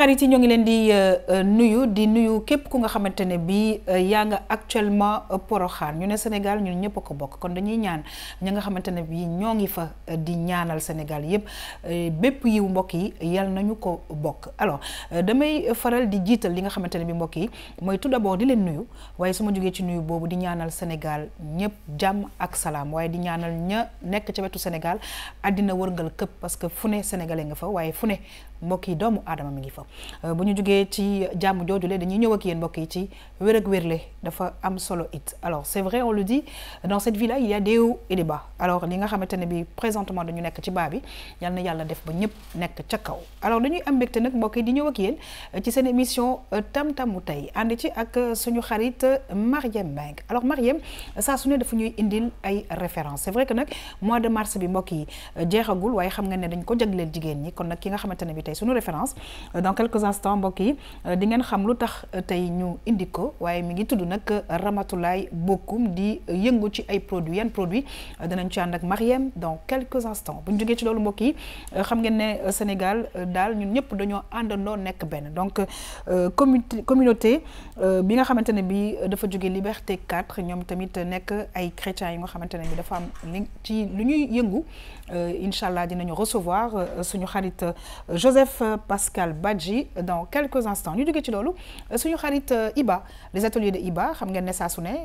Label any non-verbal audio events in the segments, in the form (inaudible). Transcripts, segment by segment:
xarit yi ñoo ngi leen di euh, euh, nuyu di nuyu képp ku nga xamante ne bii euh, yaa nga actuellement poroxaan ñu ne Sénégal ñun ñëpp ko bokk kon dañuy ñaan ña nga xamante ne bii ñoo ngi fa di ñaanal Sénégal yëpp bépp yiw mbokk yi yal nañu ko bokk alors damay faral di jiital li nga xamante ne bii mbokk yi mooy tout di leen nuyu waaye su ma ci nuyu boobu di ñaanal Sénégal ñëpp jàmm ak salaam waaye di ñaanal ña nekk ca wetu Sénégal àddina wërngal këpp parce que fu ne sénégalais nga fa waaye fu ne mbokk yi doomu aadama mi ngi fa. Euh, bu ñu jugee ci jàmm joojule dañuy ñëw ak yeen mbokk yi ci wër ak wërlé dafa am solo it alors c'est vrai on le dit dans cette vie là il y a des hauts et des bas alors li nga xamantene bi présentement dañu nekk ci baa bi yal na yalla def ba ñëpp nekk ca kaw alors dañuy am mbégte nak mbokk yi di ñëw ak yeen euh, ci seen émission euh, tam tamu tay ànd ci ak suñu xarit Mariem Mbengue alors Mariem sa su ne dafa ñuy indil ay référence c'est vrai que nak mois de mars bi mbokk yi jeexagul waaye xam nga né dañ ko jagleel jigéen ñi kon nak ki nga xamantene bi tay suñu référence donc quelques instants mbokk euh, di ngeen xam lutax euh, tay ñu indiko waye mi ngi tuddu nak euh, Ramatoulaye Bokum di yëngu ci ay produits yan produits danañ ci and ak Mariem dans quelques instants bu ñu jógee ci lolu mbokk xam ngeen né Sénégal dal ñun ñëpp dañoo àndandoo nek ben donc communauté communauté bi nga xamante ne bi dafa jóge Liberté 4 ñom tamit nek ay chrétiens yi nga xamante ne bi dafa am li ci lu ñuy yëngu inshallah dinañu recevoir suñu xarit Joseph Pascal Badji dans quelques instants Nous nous euh, Iba les ateliers de Iba xam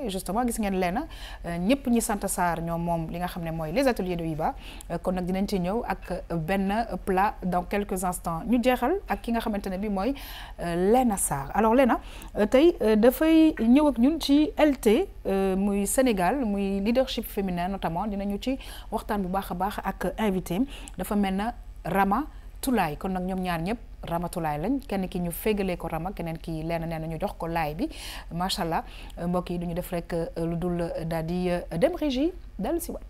justement nous euh, les ateliers de Iba euh, kon dinañ ci plat dans quelques instants ñu nous alors Léna nous LT Sénégal muy leadership féminin notamment Nous ci bu invité Rama Toulaye ramatulaay lañ kenn ki ñu fégalee ko rama keneen ki lenn nee na ñu jox ko laay bi macha allah mbokk yi du ñu def rekk lu dul daal di dem régie dal si waat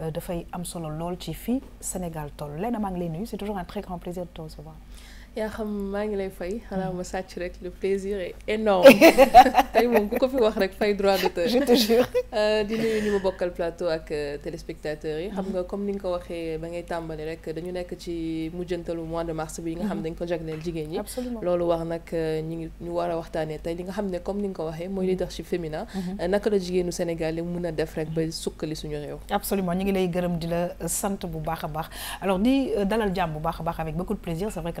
Euh, de am Amsolo Lolchifi Sénégal Tol. c'est toujours un très grand plaisir de te recevoir yaa xam maa mm. le plaisir est énorme je te jure (laughs) euh, di plateau ak euh, téléspectateurs yi xam mm. nga comme ni nga ba ngay tàmbali rek dañu nekk ci mois de mars bi nga xam mm. dañ ko wax ñu leadership féminin mm-hmm. euh, Sénégal def rek ba sukkali suñu absolument ngi lay alors di dalal jàmm avec beaucoup de plaisir c'est vrai que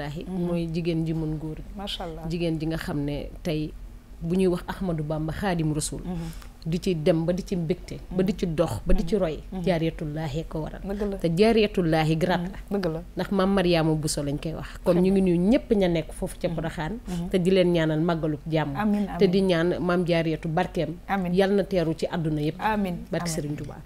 rasulullahi moy jigen ji mun góor macha allah jigéen ji nga xamne tay bu wax ahmadou bamba khadim rasul mhm. di ci dem ba di ci mbekté ba di ci dox ba di ci mhm. roy mhm. jaariyatullaahi ko waral te jaariyatullaahi grat la ndax mam mariama buso lañ koy wax kon ñu ngi ñu ñepp ña nek fofu ci poroxaan te di leen ñaanal magaluk jamm te di ñaan mam jariyatu barkem yal na ci àdduna yépp serigne touba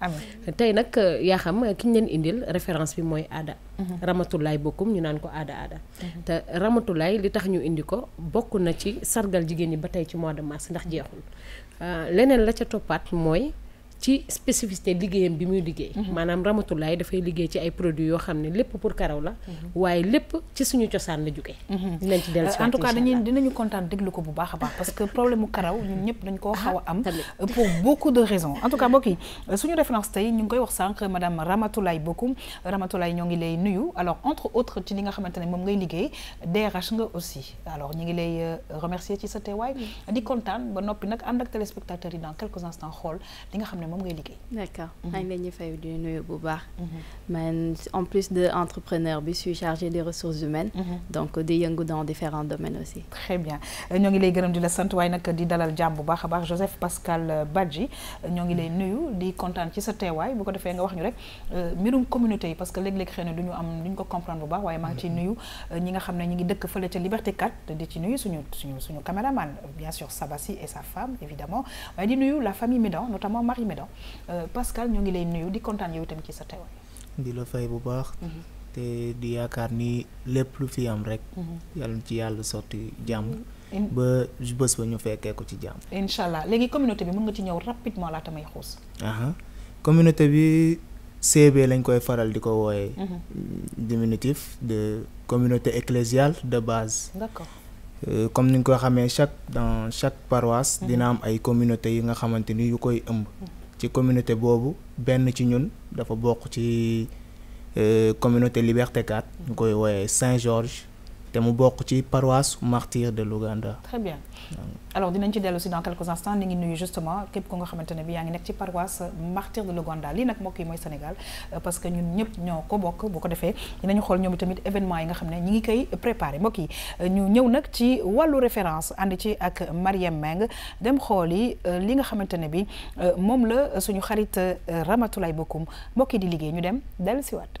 tay nak ya xam ki indil référence bi moy ada Mhm. ramatulaay bokkum ñu naan ko aada aada mhm. te ramatulaay li tax ñu indi ko bokk na ci sargal jigéen ñi ba tey ci mois de mars ndax jeexul euh, leneen la ca toppaat mooy ci spécificité liggéeyam bi muy liggéey. Mhm. maanaam Ramatoulaye dafay liggéey ci ay produits yoo xam ne lépp pour karaw la. Mhm. waaye lépp ci suñu cosaan la jógee. Mhm. dinañ ci dellusiwaat euh, en tout cas dañuy dinañu kontaan déglu ko bu baax a baax parce que problème karaw ñun ñëpp dañ koo xaw a am. Ah, euh, pour beaucoup de raisons en tout cas mbokk yi euh, suñu référence tey ñu ngi koy wax sànq madame Ramatoulaye Bokoum Ramatoulaye ñoo ngi lay nuyu alors entre autres ci li nga xamante ne moom ngay liggéey DRH nga aussi alors ñu ngi lay remercier ci sa teewaay di kontaan ba noppi nag ànd ak téléspectateurs yi dans quelques instants xool li nga xam ne d'accord en plus de entrepreneur bi suis chargé des ressources humaines. Mhm. donc des yëngu dans différents domaines aussi. très bien ngi lay gërëm la di dalal bu baax Joseph Pascal euh, Badji ngi lay mhm. di ci sa bu ko nga wax ñu euh, communauté parce que comprendre bu nga ne ngi Liberté 4 di ci suñu suñu caméraman bien sûr Sabassi et sa femme évidemment di la famille Médan notamment Marie président euh, Pascal ñu ngi lay nuyu di contane yow itam ci sa teewaay. di la fay bu baax. Mhm. té di yaakaar ni lepp lu fi am rek. Mhm. yalla ci yalla soti jamm mhm. ba ju bëss ba ñu fekkee ko ci jamm inshallah légui communauté bi mën nga ci ñëw rapidement la tamay xoss xuus. communauté bi CB lañ koy faral di ko wooyee. diminutif de communauté ecclésiale de base. d'accord. Euh, comme ni nga ko xamee chaque dans chaque paroisse. dina am ay communauté yi nga xamanteni yu koy ëmb. ci communauté boobu benn ci ñun dafa bokk ci euh, communauté Liberté 4 ñu koy Saint-Georges te mu bok ci paroisse martyr de l'Ouganda. très bien alors dinañ ci dellu ci dans quelques instants ni ngi nuyu justement képp ko nga xamante bi yaa ngi nekk ci paroisse martyr de l'Ouganda Li nak mbokk yi mooy Sénégal euh, parce que ñun ñëpp ñoko ko bu ko défé dinañ xol ñoom tamit événement yi nga xam ñi ngi kay préparer mbokk yi euh, ñu ñëw nak ci walu référence and ci ak Mariem Meng dem xool yi euh, li nga xamante bi mom la suñu xarit Ramatoulaye Bokum mbokk di liggé ñu dem dal ci siwaat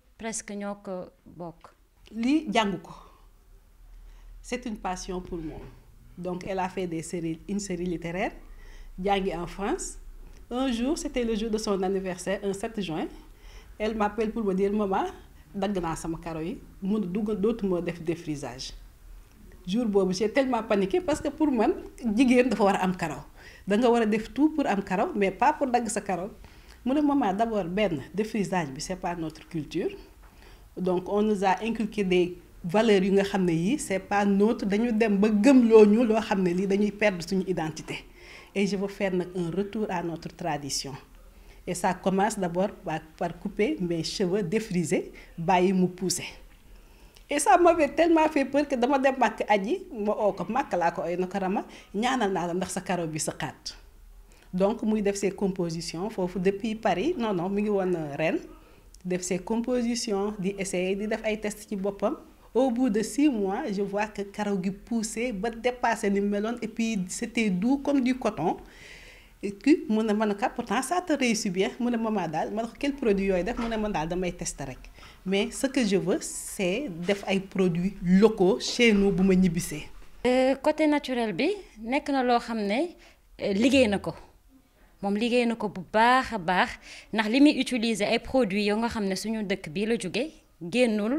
presque ñoko bok. Li janguko c'est une passion pour moi donc elle a fait des séries une série littéraire jàngi en France un jour c'était le jour de son anniversaire un 7 juin elle m'appelle pour me dire maman dagna sama karo yi mun dugg dootuma def défrisage jour boobu j'ai tellement paniqué parce que pour moi, jigen dafa wara am karaw da nga wara def tout pour am karaw mais pas pour dag sa karaw mu ne maman d'abord ben défrisage bi c'est pas notre culture donc on nous a inculqué des valeurs yi nga ne pas notre dañu dem ba identité et je veux faire un retour à notre tradition et ça commence d'abord par couper mes cheveux défrisés bàyyi mu pousser et ça m'avait tellement fait peur que dama dem màkk aji ma oo ko je ko ay na rama ñaanal naa la ndax sa je sa donc def ses compositions depuis Paris non non mi ngi woon euh, Rennes def ses compositions di essayer di def ay tests ci boppam au bout de six mois je vois que karaw gi poussé ba dépassé ni melon et puis c'était doux comme du coton Et que ne ma ka pourtant ça te réussit bien Mon ne maman daal ko quel produit yoy def mon ne man daal damay tester rek mais ce que je veux c'est def ay produits locaux chez nous buma ñibissé euh, côté naturel bi nek na lo xamné ne euh, liggéey mom liggéey na ko bu baax a baax ndax li muy utiliser ay produits yo nga xam ne suñu dëkk bii la jóge génnul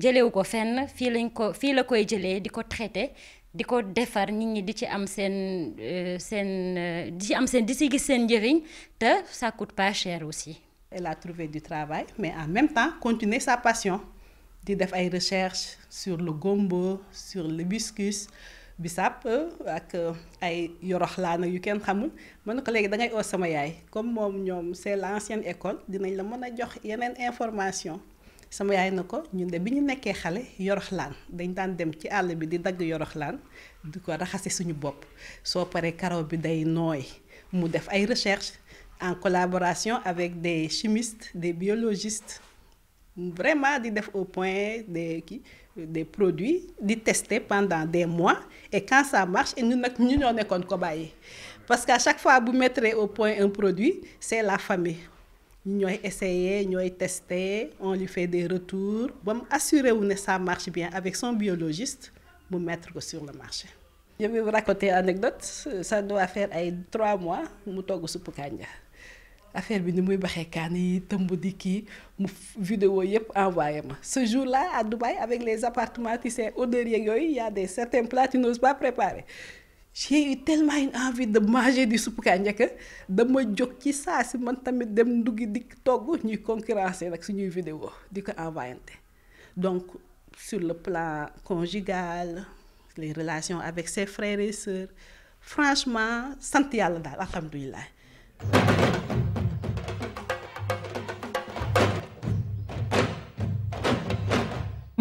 jëlewu ko fenn fii lañ ko fii la koy jëlee di ko traité di ko defar nit ñi di ci am seen euh, seen euh, di ci am seen di ci gis seen njëriñ te ça coûte pas cher aussi. elle a trouvé du travail mais en même temps continuer sa passion di def ay recherche sur le gombo sur le hibiscus bisaab euh, ak euh, ay yoroxlaana yu kenn xamul ma ne ko léegi da ngay oo sama yaay comme moom ñoom c'est l'ancienne école dinañ la mën a jox yeneen information sama yaay na ko ñun de bi ñu nekkee xale yoroxlaan dañ daan dem ci àll bi di dagg yoroxlaan di ko raxase suñu bopp soo paree karaw bi day nooy mu def ay recherche en collaboration avec des chimistes des biologistes vraiment di def au point des kii des produits les tester pendant des mois et quand ça marche et nous nag ñu ñoo parce qu'à chaque fois vous mettre au point un produit c'est la famille Nous essayons, nous testons, tester on lui fait des retours pour assurer que ça marche bien avec son biologiste vous mettre sur le marché. je vais vous raconter une anecdote ça doit faire trois mois mu affaire bi ni muy baxee kaan yi tëmb di kii mu vidéo yëpp envoyé ma ce jour là à Dubaï avec les appartements tu sais odeur yeeg il y a des certains plats tu n'oses pas préparer j'ai eu tellement une envie de manger du suppu kànja que dama jóg ci saa si man tamit dem nduggi dikk togg ñuy concurrencer nag suñuy vidéo di ko envoyante donc sur le plan conjugal les relations avec ses frères et sœurs franchement sant yàlla daal alhamdulilah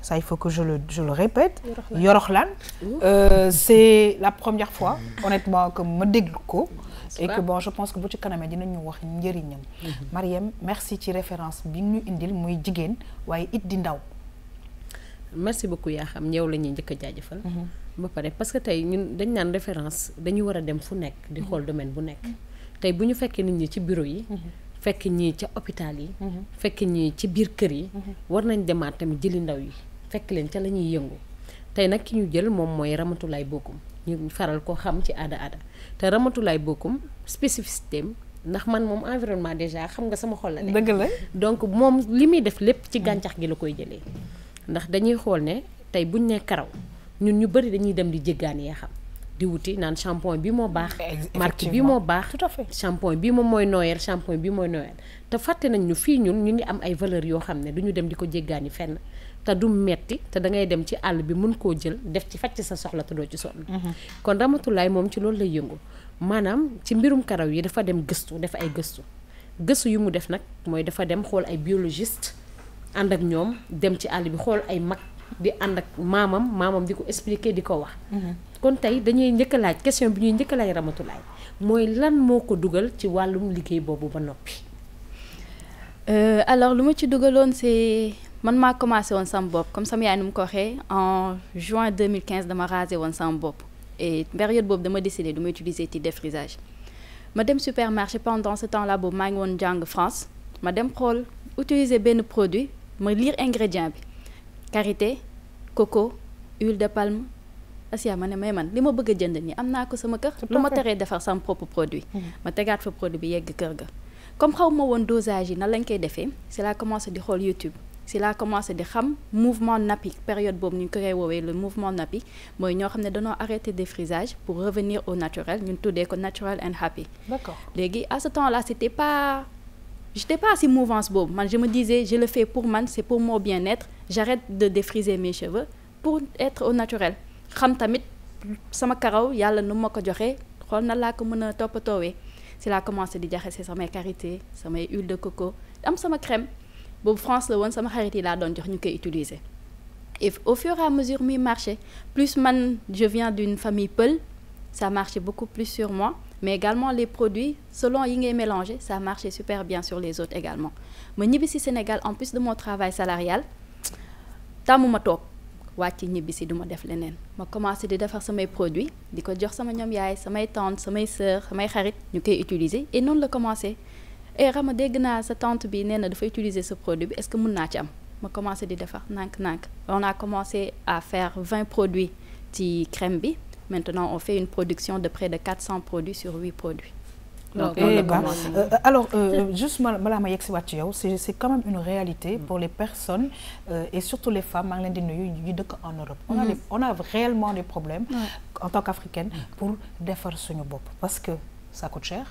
ça il faut que je le, je le répète, Yorochlan, euh, c'est la première fois, honnêtement, que je dégluco et que bon, je pense que beaucoup de Canadiens nous ont dit Mariam, merci pour référence, bienvenue indil, muy jigen, waye it dindaw. Merci beaucoup Yaham, ñew lañuy jëk jaajeufal. Mhm. Ba paré parce que tay ñun dañ nan référence, dañu wara dem fu nek di xol mhm. domaine bu nek. Tay buñu féké nit ñi ci bureau yi, mhm. fekk ñi ci hôpital yi, fekk ñi ci biir kër yi, war nañ demaat tamit jëli ndaw yi. fekk leen ca la ñuy yëngu tey nag ki ñu jël moom mooy Ramatoulaye bokkum ñu faral ko xam ci aada aada te Ramatoulaye Bocoum spécificité am ndax man moom environnement déjà xam nga sama xol la ne dëgg la donc moom li muy def lépp ci gàncax gi la koy jëlee ndax dañuy xool ne tey buñ ne karaw ñun ñu bëri dañuy dem di jéggaan yee xam di wuti naan shampoing bi moo baax marque bi moo baax tout à fait shampoing bi moom mooy nooyal shampoing bi mooy nooyal te fàtte nañ ñu fii ñun ñu ngi am ay valeurs yoo xam ne duñu dem di ko jéggaani fenn te du metti te da ngay dem ci àll bi mun koo jël def ci faj ci sa soxla te doo ci sonn. Mhm. kon Ramatulaay moom ci loolu lay yëngu maanaam ci mbirum karaw yi dafa dem gëstu def ay gëstu gëstu yu mu def nag mooy dafa dem xool ay biologiste ànd ak ñoom dem ci àll bi xool ay mag di ànd ak maamam maamam di ko expliquer di ko wax. Mhm. kon tey dañuy njëkk a laaj question bi ñuy njëkk a laaj Ramatulaay mooy lan moo ko dugal ci wàllum liggéey boobu ba noppi. Euh, alors lu ma ci dugaloon c'est man maa commencé woon sama bopp comme sama yaay nu mu ko waxee en juin 2015 dama rasé woon sama bopp et période boobu dama décidé du ma utiliser ci défrisage ma dem supermarché pendant ce temps là boobu maa ngi woon jàng France ma dem xool utiliser benn produit ma lire ingrédient bi karité coco huile de palme Asia ma ne may man li ma bëgg a jënd nii am naa ko sama kër lu ma teree defar sama propre produit mhm. ma tegaat fa produit bi yegg kër ga comme xaw ma woon dosage yi nan lañ koy defee c'est là commencé di xool YouTube c'est là commencé di xam mouvement nappy période bob ñu créé wowe le mouvement nappi moy ñoo xamné ne dañoo arrêter défrisage pour revenir au naturel ñun tout ko natural and happy. d'accord à ce temps là c'était pas j'étais pas si mouvance bob man je me disais je le fais pour man c'est pour mon bien-être j'arrête de défriser mes cheveux pour être au naturel xam tamit sama karaw yalla nu mako joxé joxee xool na laa ko mën topato wé c'est là commencé di jaxé sama carité, sama huile de coco am sama crème. Bon France le one sama xarit là laa jox ñu et au fur et à mesure muy marché plus man je viens d'une famille Peul ça marchait beaucoup plus sur moi mais également les produits selon yi ngay mélanger ça marchait super bien sur les autres également ma ici Sénégal en plus de mon travail salarial tamu toog wàcc ñibbi si du def leneen ma commencé di defar samay produits di ko jox sama ñom yaay samay tante samay sœur samay xarit ñu koy utiliser et nous le commencé et eh, Rama dégg naa sa tante bi nee na dafa utiliser ce produit est-ce que mun naa ci am ma commencé di defar on a commencé à faire 20 produits ci crème bi maintenant on fait une production de près de 400 produits sur 8 produits. Donc, okay. euh, alors, euh, juste c'est quand même une réalité mm. pour les personnes euh, et surtout les femmes en Europe. On, a, mm-hmm. on a réellement des problèmes en tant qu'Africaines mm. pour faire ce Parce que ça coûte cher.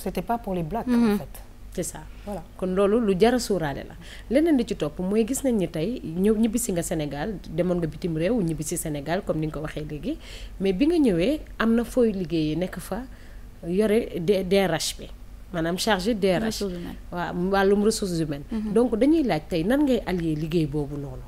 c'était pas pour les blacks en mhm. fait c'est ça voilà kon lolu lu jar a la lenen di ci top moy gis nañ ni tey ñëw ñibbisi nga Sénégal demoon nga bitim réew ñibbisi Sénégal comme ni ko mais bi nga ñëwé amna foy fooy nek fa yoré DRH bi manam chargé DRH wa walum ressources humaines mhm. donc dañuy laaj tay nan ngay allier liggéey bobu noonu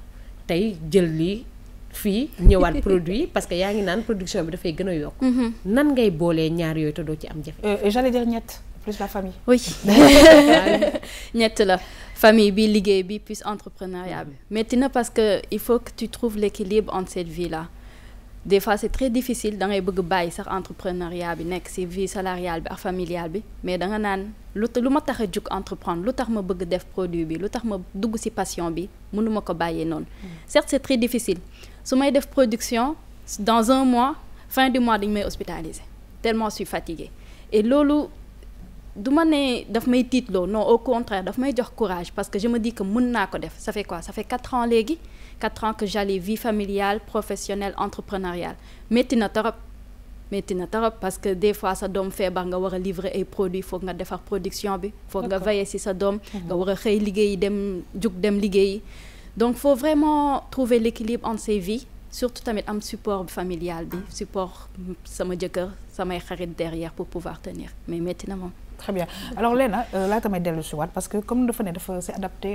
tay jël li fii ñëwaat produit parce que yaa ngi naan production bi dafay gën a yokk. Mhm. nan ngay boolee ñaar yooyu te doo ci am jafe. Euh, j'allais dire ñett plus la famille. oui (laughs) ñett la famille bi liggéey bi plus entrepreneuriat bi. metti na parce que il faut que tu trouves l'équilibre entre cette vie là des fois c'est très difficile dans les bëgg ça entrepreneuriat bi vie salariale bi familiale mais dans un an, lu lu ma tax entreprendre lu tax ma bëgg produit bi lu tax ma dugg ci passion bi mënuma ko bàyyee non. Hmm. certes c'est très difficile su may def production dans un mois fin du mois je may hospitaliser tellement je suis fatiguée et n'est pas ma ne daf may non au contraire daf may jox courage parce que je me dis que mën n'a def ça fait quoi ça fait quatre ans légui quatre ans que j'allais vie familiale professionnelle entrepreneuriale Mais tu n'as pas de temps. parce que des fois ça doit me nga war livrer et produits faut faire la production Il faut nga veiller si ça doit. nga war a xëy dem donc faut vraiment trouver l'équilibre entre ces vies surtout avec un support familial bi support sama ça m'a xarit derrière pour pouvoir tenir mais maintenant très bien alors Léna tu m'as dit le parce que comme dafa ne dafa c'est adapté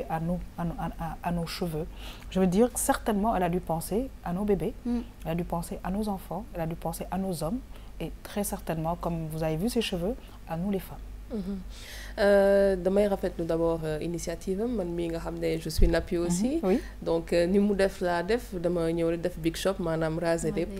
à nos cheveux je veux dire certainement elle a dû penser à nos bébés mm. elle a dû penser à nos enfants elle a dû penser à nos hommes et très certainement comme vous avez vu ses cheveux à nous les femmes Je mm-hmm. euh, rafetlu d' abord euh, initiative l'initiative. je suis Napi mm-hmm. aussi donc euh, nous avons def la def dama def big shop maanaam raser lépp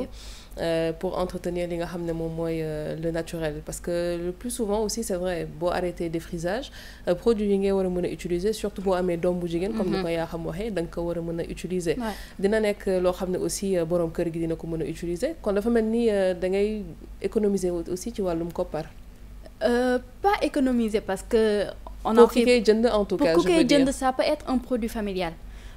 euh, pour entretenir li nga xam ne moom euh, le naturel parce que le plus souvent aussi c'est vrai boo arrêter défrisage euh, produit yi ngay war a utiliser surtout pour amee doom bu comme nous mhm. ko yaa xam waxee da nga ko war a utiliser dina nekk loo xam aussi borom kër gi dina ko mën a utiliser kon dafa mel ni da ngay économiser aussi ci wàllum koppar pas économiser parce que on pour en fait... jënd en tout pour cas je veux dire. ça peut être un produit familial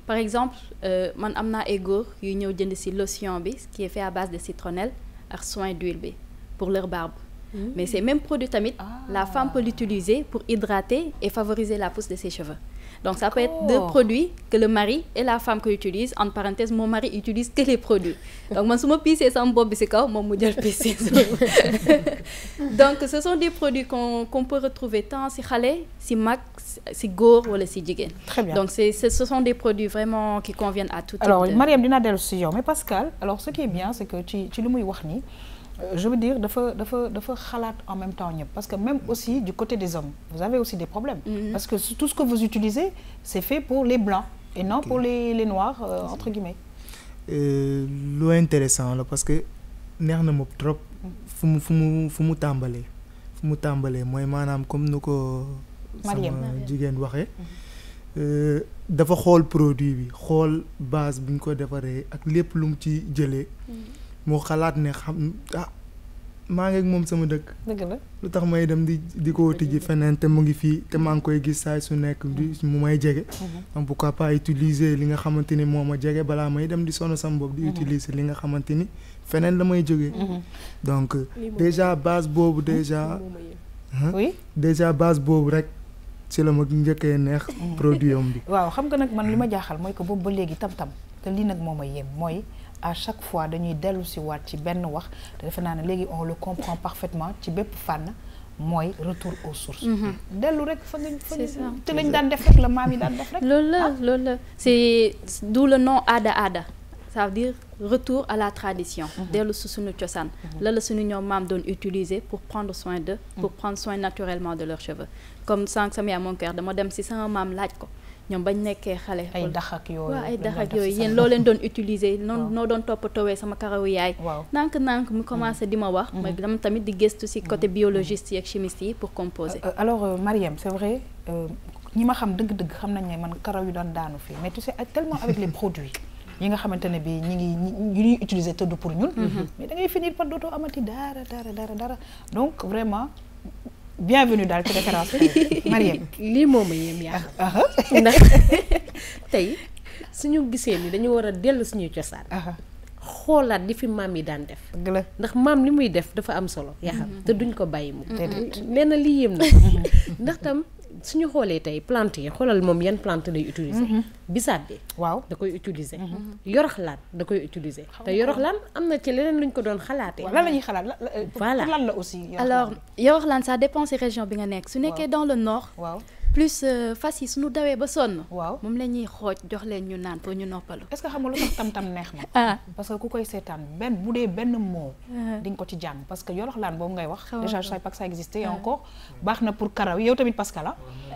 par exemple euh, mon Amna amna ego, une qui est fait à base de citronnelle ak soin d'huile pour leur barbe mmh. mais ces mêmes produits tamit ah. la femme peut l'utiliser pour hydrater et favoriser la pousse de ses cheveux donc ça peut être deux produits que le mari et la femme utilisent. En parenthèse, mon mari utilise que les produits. Donc pisse Mon pisse. Donc ce sont des produits qu'on peut retrouver tant si Khalé, si Max, si Gore ou si Jigen. Très bien. Donc ce sont des produits vraiment qui conviennent à tout alors, Alors, de... Mariam, Dina Del mais Pascal, alors ce qui est bien, c'est que tu, tu le mouilles, euh, je veux dire dafa dafa dafa en même temps parce que même aussi du côté des hommes vous avez aussi des problèmes. Mm-hmm. parce que tout ce que vous utilisez c'est fait pour les blancs et non pour les les noirs euh, entre guillemets. lu intéressant là, parce que je na trop. je mm-hmm. suis fu mu fu mu tàmbalee. fu comme nu ko. sama jigéen waxee. Mm-hmm. Euh, dafa produit bi base ko ak lépp moo xalaat ne xam ah maa ngi moom sama dëkk. dëgg la lu tax may dem di di ko tijji feneen te mu ngi fii te maa ngi koy gis saay su nekk mm-hmm. mu may jege. Mm-hmm. donc li nga xamante ni moo ma jege balaa may dem di sono sa mboob di mm-hmm. utiliser li nga xamante ni feneen la may jógee. donc déjà base boobu déjà. oui déjà boobu rek. si la ma njëkkee neex produit am bi. (laughs) waaw xam nga nag man li ma jaaxal mooy ko boobu ba léegi tam tam te lii nag moo ma yem mooy. à chaque fois dañuy dellu ci wat ci ben wax te defe naa on le comprend parfaitement ci bép fànn moy retour aux sources. Mhm. dellu rek fa nga fa te lañ dan def rek la maam yi daan def rek. loolu la ah. la c'est d'où le nom ada ada ça veut dire retour à la tradition. Mhm. dellu su suñu cosaan. Mhm. la la suñu ñom mam doon utiliser pour prendre soin d'eux. pour prendre soin naturellement de leurs cheveux comme sànq sama à mon cœur dama dem si sama mam laaj ko ñom bañ nekkee xalé ay dakh ak yoy ay dakh ak yoy yeen loo leen doon utiliser. (laughs) noo noo doon toppatoowee sama karawu yaay. nank nank nànk mu commencé dima wax. ma mm-hmm. dama tamit di gestu ci côté mm-hmm. biologiste et ak chimiste pour composer. Euh, euh, alors euh, Mariem c'est vrai. ñi ma xam deug deug xam nañ né man karaw yu doon daanu fi mais tu sais tellement avec les produits yi nga xamante ne bi ñi ngi ñu ñuy utiliser tëdd pour ñun mm-hmm. mais da ngay finir par doto amati dara dara dara dara donc vraiment bienvenue daal ci référence (laughs) Mariem lii moom ma yéem yaa ah, ah. ndax (laughs) tey suñu gisee ni dañu war a dellu suñuy cosaan ah, xoolaat di fi maam yi daan def ndax maam li muy def dafa am solo yaa xam mm-hmm. te duñ ko bàyyi mu mm-hmm. nee lii yéem na mm-hmm. ndax tam suñu xoolee tey plante yi xoolal moom yan plante lay utiliser bisaab bi waaw da koy utiliser mhm. mhm. yoroxlaan da koy utiliser te yoroxlaan am na ci leneen luñ ko doon xalaatee lan lañuy ñuy voilà lan la aussi alors yoroxlaan ça dépend ces régions bi nga nek su nekkee dans le nord waaw plus euh, fas yi suñu dawee ba sonn waaw moom la ñuy jox leen ñu naan pour ñu noppalu est-ce que xam nga lu tax tam-tam neex ma (laughs) ah parce que ku koy sétane ben boudé ben mot ah. diñ ko ci jàng parce que yoroxlaan bo ngay wax déjà ça savais pas que ça existait ah. encore baax na pour karaw yow tamit Pascal ah?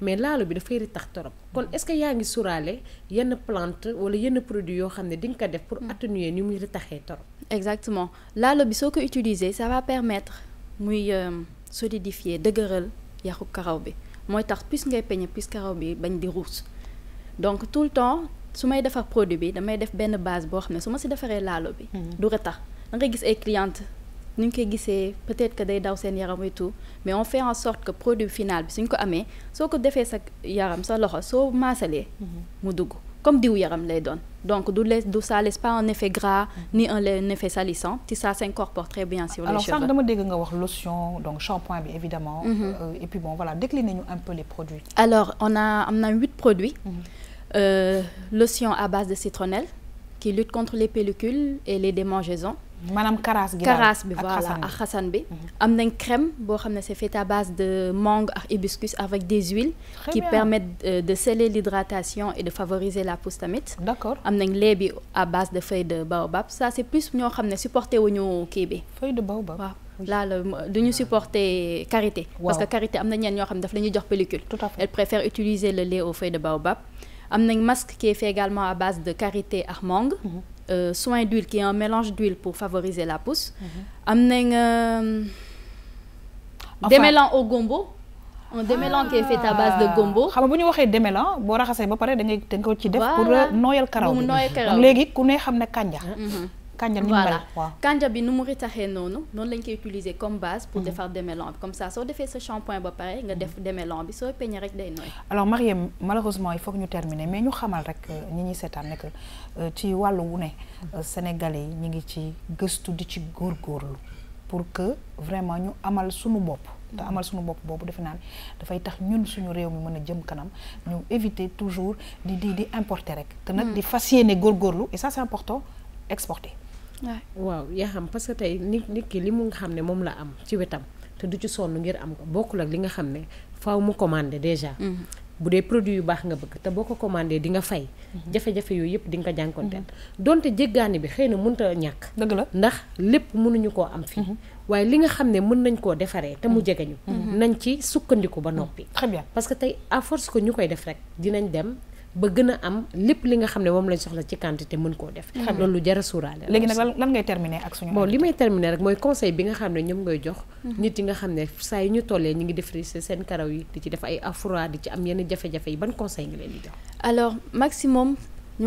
mais laalo bi dafay ritax torop kon est-ce que yaa ngi suraale yenn plante wala yenn produit yoo xam ne di ko def pour hmm. atténuer ni muy ritaxee torop exactement laalo bi soo ko utiliser ça va permettre muy euh, solidifier dëgëral yaxu karaw bi mooy tax plus ngay peñe plus karaw bi bañ di ruus donc tout le temps su may defar produit bi damay def benn base boo xam ne su ma si defaree laalo bi hmm. du retax da ngay gis ay clientes nous avons peut-être que day daw seen yaram et tout mais on fait en sorte que le produit final bi suñ ko amee yaram sa loxo mhm. mu comme dit yaram lay donc ça ne laisse pas un effet gras mhm. ni un effet salissant ça s'incorpore très bien sur les cheveux alors ça, nous dégg nga wax lotion donc shampoing évidemment mhm. euh, et puis bon voilà décliner ñu un peu les produits alors on a on huit produits euh, lotion à base de citronnelle qui lutte contre les pellicules et les démangeaisons Madame Karas, Karas, bi voilà ak xasan bi mhm. am crème boo xam c'est fait à base de mangue et hibiscus avec des huiles qui permettent euh, de sceller l'hydratation et de favoriser la pousse tamit d'accord Amener un lait à base de feuilles de baobab ça c'est plus pour nous supporter au wuñu kii de baobab là nous ñu supporter karité parce que karité amener na ñeen ñoo daf jox pellicule tout à fait elle préfère utiliser le lait aux feuilles de baobab a un masque qui est fait également à base de karité ak mhm. euh, soin d'huile qui est un mélange d'huile pour favoriser la pousse mhm. a un euh, démêlant au gombo un démêlant qui est fait à base de ah. gombo. xam vous bu ñu démêlant boo raxasee ba pare da ngay ci def. pour euh, nooyal karaw bi mu nooyal karaw léegi kanja voilà kanja bi nous mu ritaxee non non lañ koy utiliser comme base pour défaire des mélanges comme ça de faire ce shampoing ba pareil nga def mhm. démêlant bi so peñ rek day noy alors Mariem malheureusement il faut que ñu terminer mais ñu xamal rek euh, ñi ñi sétane nek ci walu wu né euh, sénégalais ñi ngi ci geustu di ci gorlu pour que vraiment ñu amal suñu bop te amal suñu bop boobu def naa da fay tax ñun suñu réew mi mëna jëm kanam ñu éviter toujours di di di importer rek te nak mhm. di fas gor gorlu et ça c'est important exporter waaw yaa xam parce que tey nit nit ki li mu nga xam ne moom la am ci wetam te du ci sonn ngir am ko bokkul ak li nga xam ne faaw mu commandé déjà mhm. bu dee produit yu baax nga bëgg te boo ko commandé di nga fay mhm. jafe-jafe yooyu yëpp di nga ko jànkonteel mhm. donte jéggaani bi xëy na mënut a ñàkk dëgg la ndax lépp mënuñu koo am fii waaye li nga xam ne mën nañ koo defaree te mu jege jegeñu nañ ci sukkandiku ba noppi très bien parce que tey à force que ñu koy def rek dinañ dem ba gën a am lépp li nga xam ne moom lañ soxla ci quantité mën koo def mm-hmm. loolu lu jara suuraale léegi nag lan ngay terminer ak suñu bon li may terminer rek mooy conseil bi nga xam ne ñoom ngay jox mm-hmm. nit yi nga xam ne saa yu ñu tollee ñu ngi defri seen karaw yi di ay afro ci am yenn jafe-jafe yi ban conseil nga leen di jox alors maximum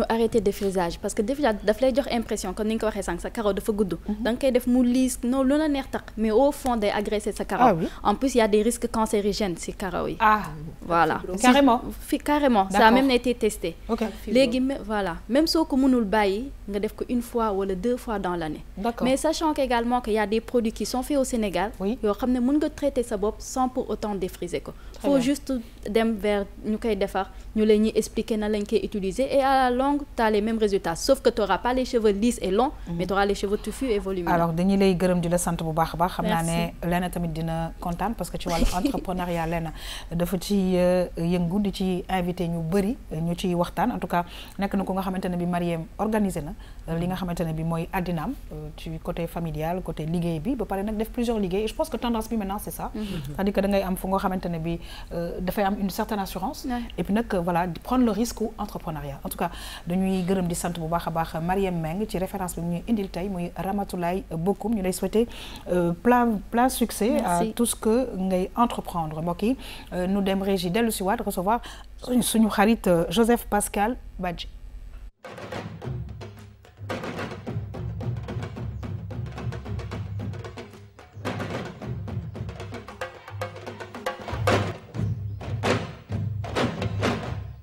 arrêter de défrisage parce que défrisage daf lay jox impression comme ni ko sank sa carotte dafa gudd mhm. dang nga koy def mu lisse non lu la neex mais au fond day agresser sa carotte ah en plus il y a des risques cancérigènes ces carottes ah voilà carrément fi carrément ça a même été testé légui voilà même soo ko mënul bàyyi nga def ko une fois wala deux fois dans l'année mais sachant qu'également qu'il y a des produits qui sont faits au Sénégal yoo xam ne mën nga traiter sa bop sans pour autant défriser ko faut juste dem vers ñu koy defar ñu lay ñuy expliquer na lañ koy utiliser et à longue, tu as les mêmes résultats. Sauf que tu n'auras pas les cheveux lisses et longs, mm -hmm. mais tu auras les cheveux touffus et volumineux. Alors, dañuy lay gërëm di la sant bu baax a baax. Lena tamit dina parce que tu vois (laughs) entrepreneuriat Lena dafa ci euh, yëngu di ci invité ñu bëri ñu en tout cas nous avons nga xamante bi Mariem organisé na euh, li nga xamante bi euh, côté familial côté ligue. bi ba a def plusieurs ligues et je pense que tendance bi maintenant c'est ça. Mhm. c'est-à-dire que da ngay am fu nga am une certaine assurance. et puis voilà prendre le risque entrepreneuriat en tout cas dañuy gërëm di sant bu baax a baax Mariam Meng ci référence bi mu ñuy indil tey muy Ramatoulaye Bokoum ñu lay souhaiter euh, plein plein succès à tout ce que ngay entreprendre mbokk yi euh, nu dem régie dellu si waat recevoir suñu xarit euh, Joseph Pascal Badji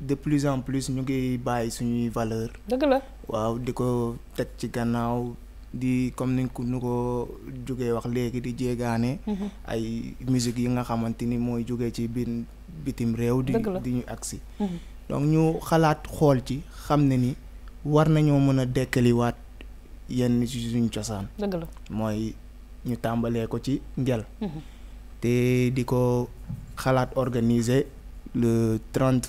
de plus en plus ñu ngi bàyyi suñuy valeur waaw di ko teg ci gannaaw di comme ni nu ko jógee wax léegi di jéegaane mm-hmm. ay musique yi nga xamante ni mooy jógee ci biir bitim réew di di ñu agsi mm-hmm. donc ñu xalaat xool ci xam ne ni war nañoo mën a dekkaliwaat yenn ci suñu cosaan dëgg la mooy ñu tàmbalee ko ci njël mm-hmm. te di ko xalaat organiser le trente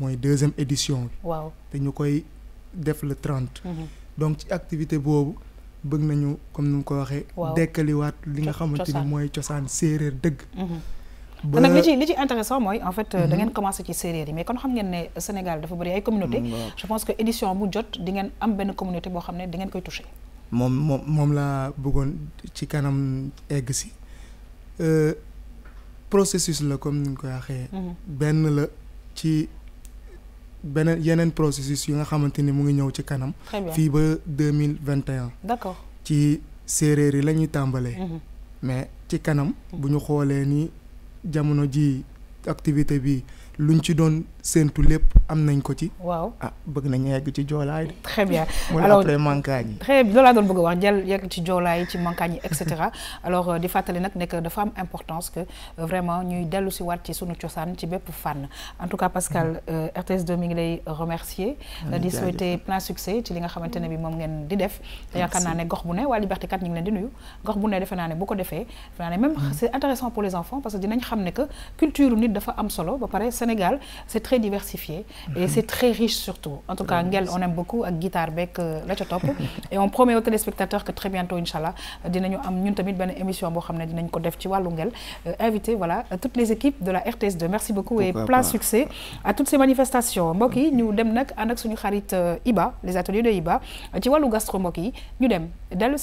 mooy deuxième édition bi. waaw te ñu koy def le trente. Mhm. donc ci activité boobu bëgg nañu comme ni mu ko waxee. waaw dekkaliwaat li nga xamante ni mooy cosaan séeréer dëgg. Mhm. ba nag li ci li ci intéressant mooy en fait mhm. da ngeen commencé ci séeréer yi mais kon xam ngeen ne Sénégal dafa bëri ay communauté mm, je pense que édition bu jot di ngeen am benn communauté boo xam ne di ngeen koy touché. moom moom moom laa bëggoon ci kanam egg si euh, processus la comme ni ñu koy waxee. benn la ci. beneen yeneen processus yi nga xamante ni mu ngi ñëw ci kanam. fii ba deux mille vingt et un. d'accord ci séeréer yi la ñuy tàmbalee. Mm-hmm. mais ci kanam mm-hmm. bu ñu xoolee ni jamono ji activité bi luñ ci doon. séntu lépp am nañ ko ci. waaw ah bëgg nañ yegg ci jolaay très bien (laughs) alors après mankani, très bien loolu doon bëgg wax jël yegg ci jolaay ci mankaañ et cetera (laughs) alors euh, di fatali nak nek dafa am importance que euh, vraiment ñuy dellu ci waat ci sunu cosaan ci bépp fan. en tout cas Pascal mm-hmm. euh, RTS 2 mi ngi lay remercier. Mm-hmm. di souhaiter plein succès ci li nga xamantene bi mom ngeen di def. yaakaar naa ne gox bu ne wa Liberté 4 ñu ngi leen di nuyu gox bu ne defé na ne bu ko defee defe même mm-hmm. c'est intéressant pour les enfants parce que dinañ xam ne que culture nit dafa am solo ba paré Sénégal c'est très diversifié et c'est très riche surtout. En tout cas, Ngel, on aime beaucoup avec guitare bec euh, la (laughs) et on promet aux téléspectateurs que très bientôt inchallah nous am ñun tamit ben émission boo xam ne ko def ci Ngel euh, invité voilà toutes les équipes de la RTS2 merci beaucoup et plein succès à toutes ces manifestations moki nous ñu dem nag ànd euh, IBA les ateliers de IBA ci wàllu gastro mbokk nous ñu dem dellu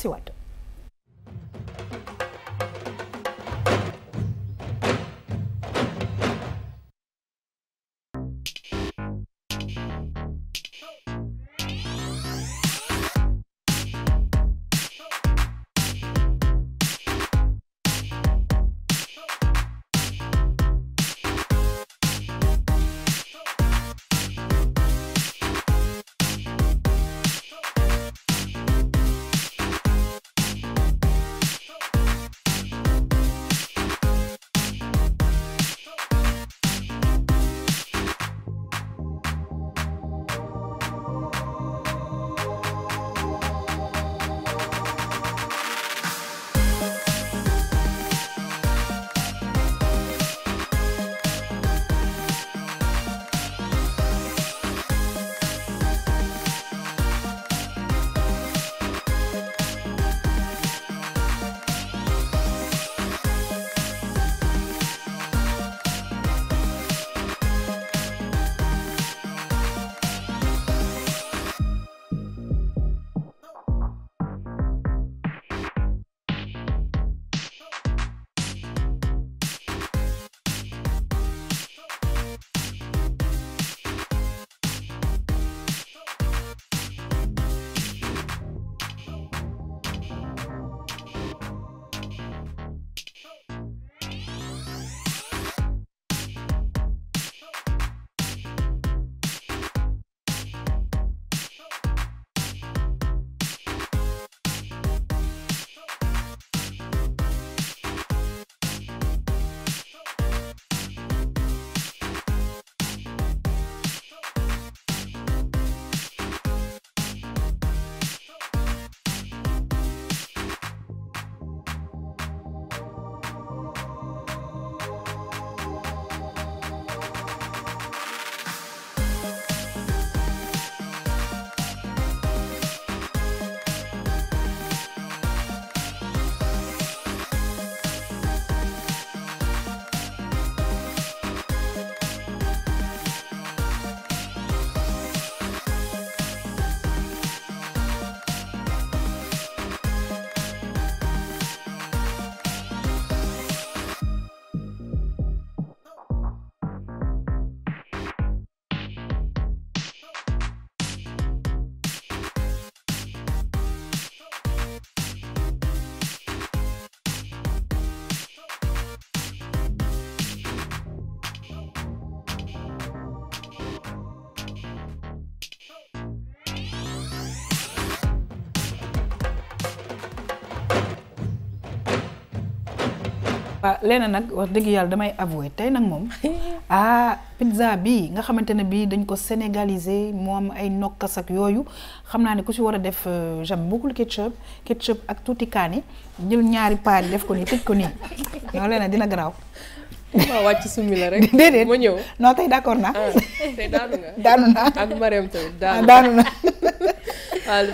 waaw ah, leena nag wax dëgg yàlla damay avouer tey nag moom (laughs) ah pizza bi nga xamante ne bii dañ ko sénégaliser moom ay nokkas ak yooyu xam naa ne ku si war a def euh, j'aime beaucoup ketchup ketchup ak tuuti kaani jël ñaari paari def ko nii tëj ko nii (laughs) non leena dina garaaw. ma wàcc summi la rek. (laughs) déedéet ma ñëw non tey d'accord naa. Ah, daanu nga daanu naa. Ah, na.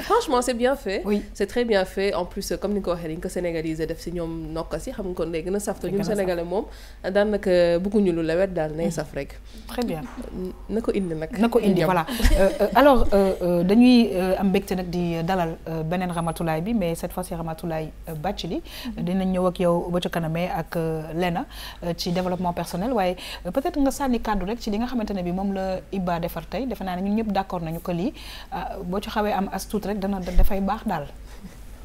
franchement c'est bien fait. oui très bien fait en plus comme ni nga ko waxee dañu ko sénégaliser def si ñoom nokk si xam nga kon day gën a saf te ñun sénégalais moom daanaka lu lewet daal hmm. très bien N'ako indi nag. na indi voilà euh, euh, alors euh, dañuy am mbégte nag di dalal beneen Ramatoulaye bi mais cette fois c'est Ramatoulaye Bathily hmm. dinañ ñëw ak yow ba ca ak Lena ci développement personnel waaye peut-être nga sànni kàddu rek ci li nga xamante ne bi moom la Iba defar tey defe naa ne ñun ñëpp d' nañu ko lii boo ci am as tuut rek dana dafay baax daal.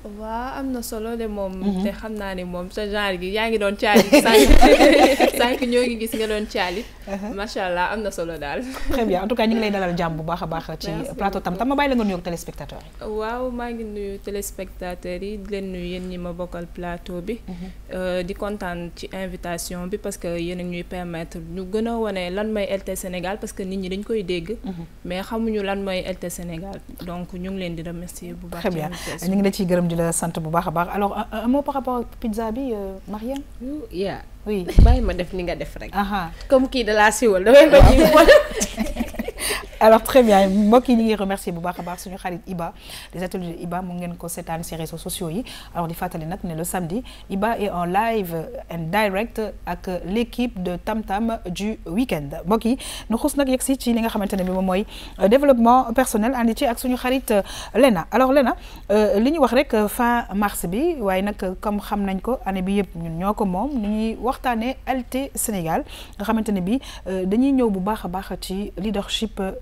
waa am na solo de moom. Mhm. te xam naa ni moom sa genre gi yaa ngi doon caalit (laughs) sànq sànq ñoo ngi gis nga doon caalit. Uh-huh. macha allah am na solo daal. très bien tout cas ñu ngi lay dalal jàmm bu baax a baax. ci plateau tam tam ma bàyyi la nga nuyoog waaw maa ngi nuyu téléspectateur yi di nuyu yéen ñi ma bokkal plateau bi. Mhm. Euh, di kontaan ci invitation bi parce que yéen a ñuy permettre ñu gën a wane lan mooy LT Sénégal parce que nit ñi dañ koy dégg. Mhm. mais xamuñu lan mooy LT Sénégal donc ñu ngi leen di remercier bu baax. très bien ñu ngi la ciy gërëm di sant bu baax a baax alors un mot par rapport pizza bi euh, Mariam. oui bàyyi ma def ni nga def rek. comme kii da laa siwal damay bañ alors très bien mbokk yi ñu ngi remercier bu baax a baax xarit Iba les ateliers de Iba mu ngeen ko seetaan réseaux sociaux yi alors di fàttali nag ne le samedi Iba est en live and direct avec l'équipe de Tam Tam du week-end mbokk nous nu xus nag yegg si ci li nga xamante ne bi euh, développement personnel àndi ci ak suñu xarit euh, Lena alors Lena euh, li ñu wax rek fin mars bi waaye nag comme xam nañ ko année bi yëpp ñun ñoo ko moom ni ñuy waxtaanee Alité Sénégal nga xamante ne bi dañuy ñëw bu baax a ci leadership.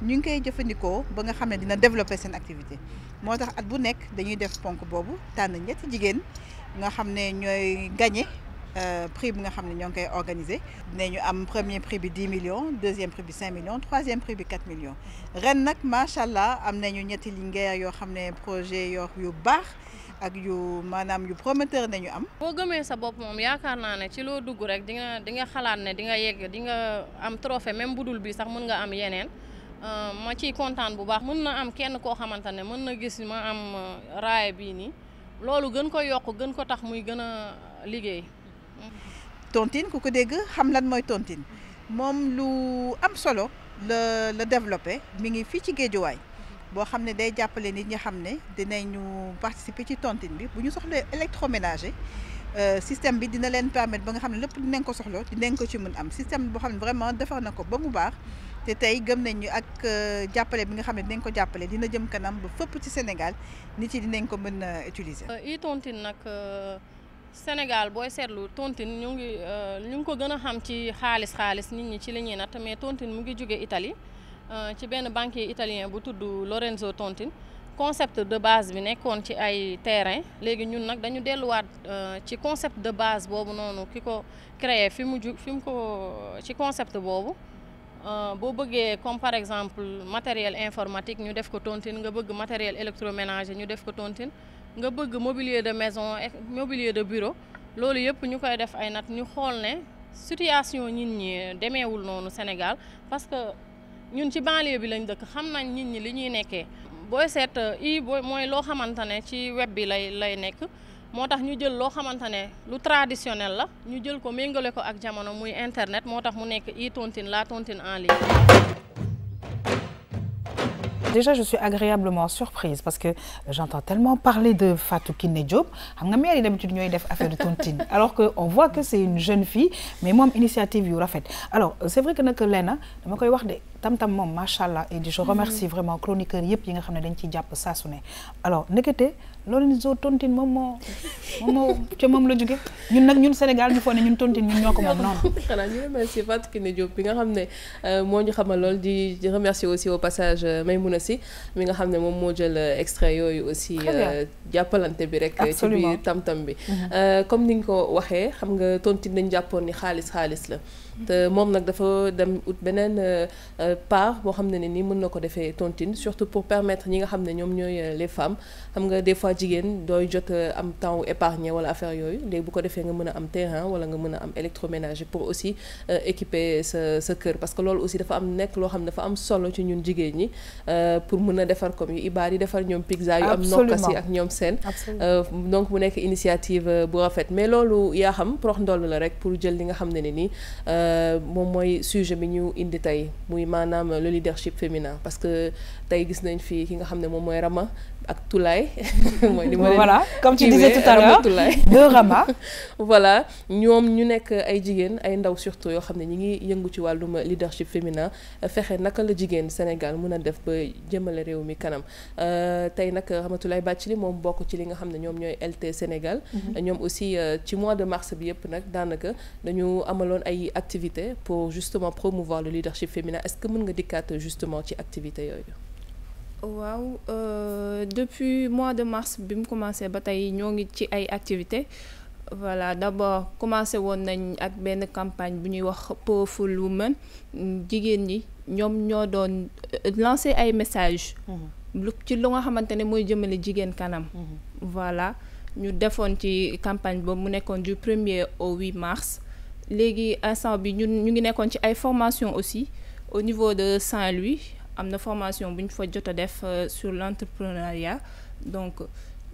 ñu ngi koy jëfandikoo ba nga xam ne dina développer seen activité moo tax at bu nekk dañuy def ponk boobu tànn ñetti jigéen nga xam ne ñooy gagné euh, prix bi nga xam ne ñoo ngi koy organiser ñu am premier prix bi 10 millions deuxième prix bi 5 millions troisième prix bi 4 millions ren nag macha allah am nañu ñetti lingeer yoo xam ne projet yoo yu baax ak yu maanaam yu prometteur nañu am. boo gëmee sa bopp moom yaakaar naa ne ci loo dugg rek di nga di nga xalaat ne di nga yegg di nga am trophée même budul bi sax mën nga am yeneen. Euh, ma ci kontaan bu baax mën na am kenn koo xamantane mën na gis ma am euh, raaya bii nii loolu gën ko yokk gën ko tax muy gën a liggéey. tontine ku ko dégg xam lan mooy tontine moom lu am solo le le développé mi ngi fii ci géejuwaay boo xam ne day jàppale nit ñi xam ne dinañu participer ci tontine bi bu ñu soxlee électroménager euh, système bi dina leen permettre ba nga xam ne lépp dinañ ko soxla dinañ ko ci mën am système boo xam ne vraiment defar na ko ba mu baax. te tey gëm nañ ñu ak euh, jàppale bi nga xam ne dinañ ko jàppale dina jëm kanam ba fépp ci Sénégal nit yi dinañ ko mën a utiliser. Euh, i tontine nag euh, Sénégal booy seetlu tontine ñu ngi ñu ngi ko gën a xam ci xaalis xaalis nit ñi ci la ñuy natt mais tontine mu ngi jóge Italie ci benn banque italien bu tudd Lorenzo Tontine concept de base bi nekkoon ci ay terrain léegi ñun nag dañu delluwaat ci concept de base boobu noonu ki ko créé fi mu ju fi mu ko ci concept boobu. Euh, boo bëggee comme par exemple matériel informatique ñu def ko tontine nga bëgg matériel électroménager ñu def ko tontine nga bëgg mobilier de maison mobilier de bureau loolu yëpp ñu koy def ay nat ñu xool ne situation nit ñi demeewul noonu Sénégal parce que ñun ci balier bi lañ dëkk xam nañ nit ñi li ñuy nekkee booy seet euh, i mooy loo xamante ne ci web bi lay lay nekk motax ñu jël lo xamantane lu traditionnel la ñu jël ko méngale ko ak jamono muy internet motax mu nekk e tontine la tontine en ligne. Déjà, je suis agréablement surprise parce que j'entends tellement parler de Fatou Kiné Diop. Xam nga mère yi d'habitude ñooy def affaire de tontine (laughs) alors que on voit que c'est une jeune fille mais moom initiative yu rafet. Alors, c'est vrai que nag Lena dama koy wax de tam tam mom machallah allah et je remercie mhm. vraiment chroniqueur yep yi nga xam dañ ci japp sa su ne alors ndekete loolu zo tontine mom moo moom moo (laughs) ca moom la jóge ñun nak ñun Sénégal ñu foog ñun tontine ñun ñoko mom non noonu. (laughs) xanaa ñu remercier Fatou Kiné Diop bi nga xam ne euh, moo ñu xamal lool di remercier aussi au passage euh, Maymouna si mi nga xam mom mo moo jël euh, extrait yooyu aussi. jàppalante bi rek. ci biir tam tam bi. Mhm. comme ni ko waxee xam nga tontine dañ jappone ni xaalis xaalis la te moom nag dafa dem ut beneen euh, euh, part boo xam ne ni mën na ko defee tontine surtout pour permettre ñi nga xam ne ñoom ñooy euh, les femmes xam des fois jigéen dooy jot am temps épargné wala affaire bu ko nga am terrain wala nga am électroménager pour aussi euh, équiper ce parce que aussi dafa am am solo euh, pour comme yu ibaar yi pizza yu am nokkas yi euh, donc initiative bu rafet mais loolu yaa xam prox pour jël nga sujet bi ñu indi tey le leadership féminin parce que tey gis nañ fi ki nga ak (laughs) voilà comme tu disais tout à l'heure deux Rama. (laughs) voilà Nous ñu nekk ay jigen ay ndaw surtout yo xamné ñi ngi yëngu ci walum leadership féminin fexé naka la jigen Sénégal mëna def ba jëmale réew mi kanam euh, tay nak Ramatoulaye Bathily mom bokk ci li nga xamné ñom ñoy LT Sénégal. Mhm. ñom aussi euh, ci mois de mars bi yëpp nak danaka dañu amalon ay activités pour justement promouvoir le leadership féminin est-ce que mën nga dikkaat justement ci activité yooyu. Euh, depuis mois de mars j'ai commencé à tey ñoo activités voilà d'abord commencé avec nañ campagne bu ñuy Powerful Women jigéen ñi ñoom ñoo euh, lancer ay messages. Mm-hmm. lu ci lu nga xamante ne mooy jëmale jigéen kanam. Mm-hmm. voilà ñu defoon ci campagne boobu mu nekkoon du premier au 8 mars. Maintenant, nous bi ñun des ngi ci ay formations aussi au niveau de Saint-Louis am na formation bu ñu fa jot a def euh, sur l'entrepreneuriat donc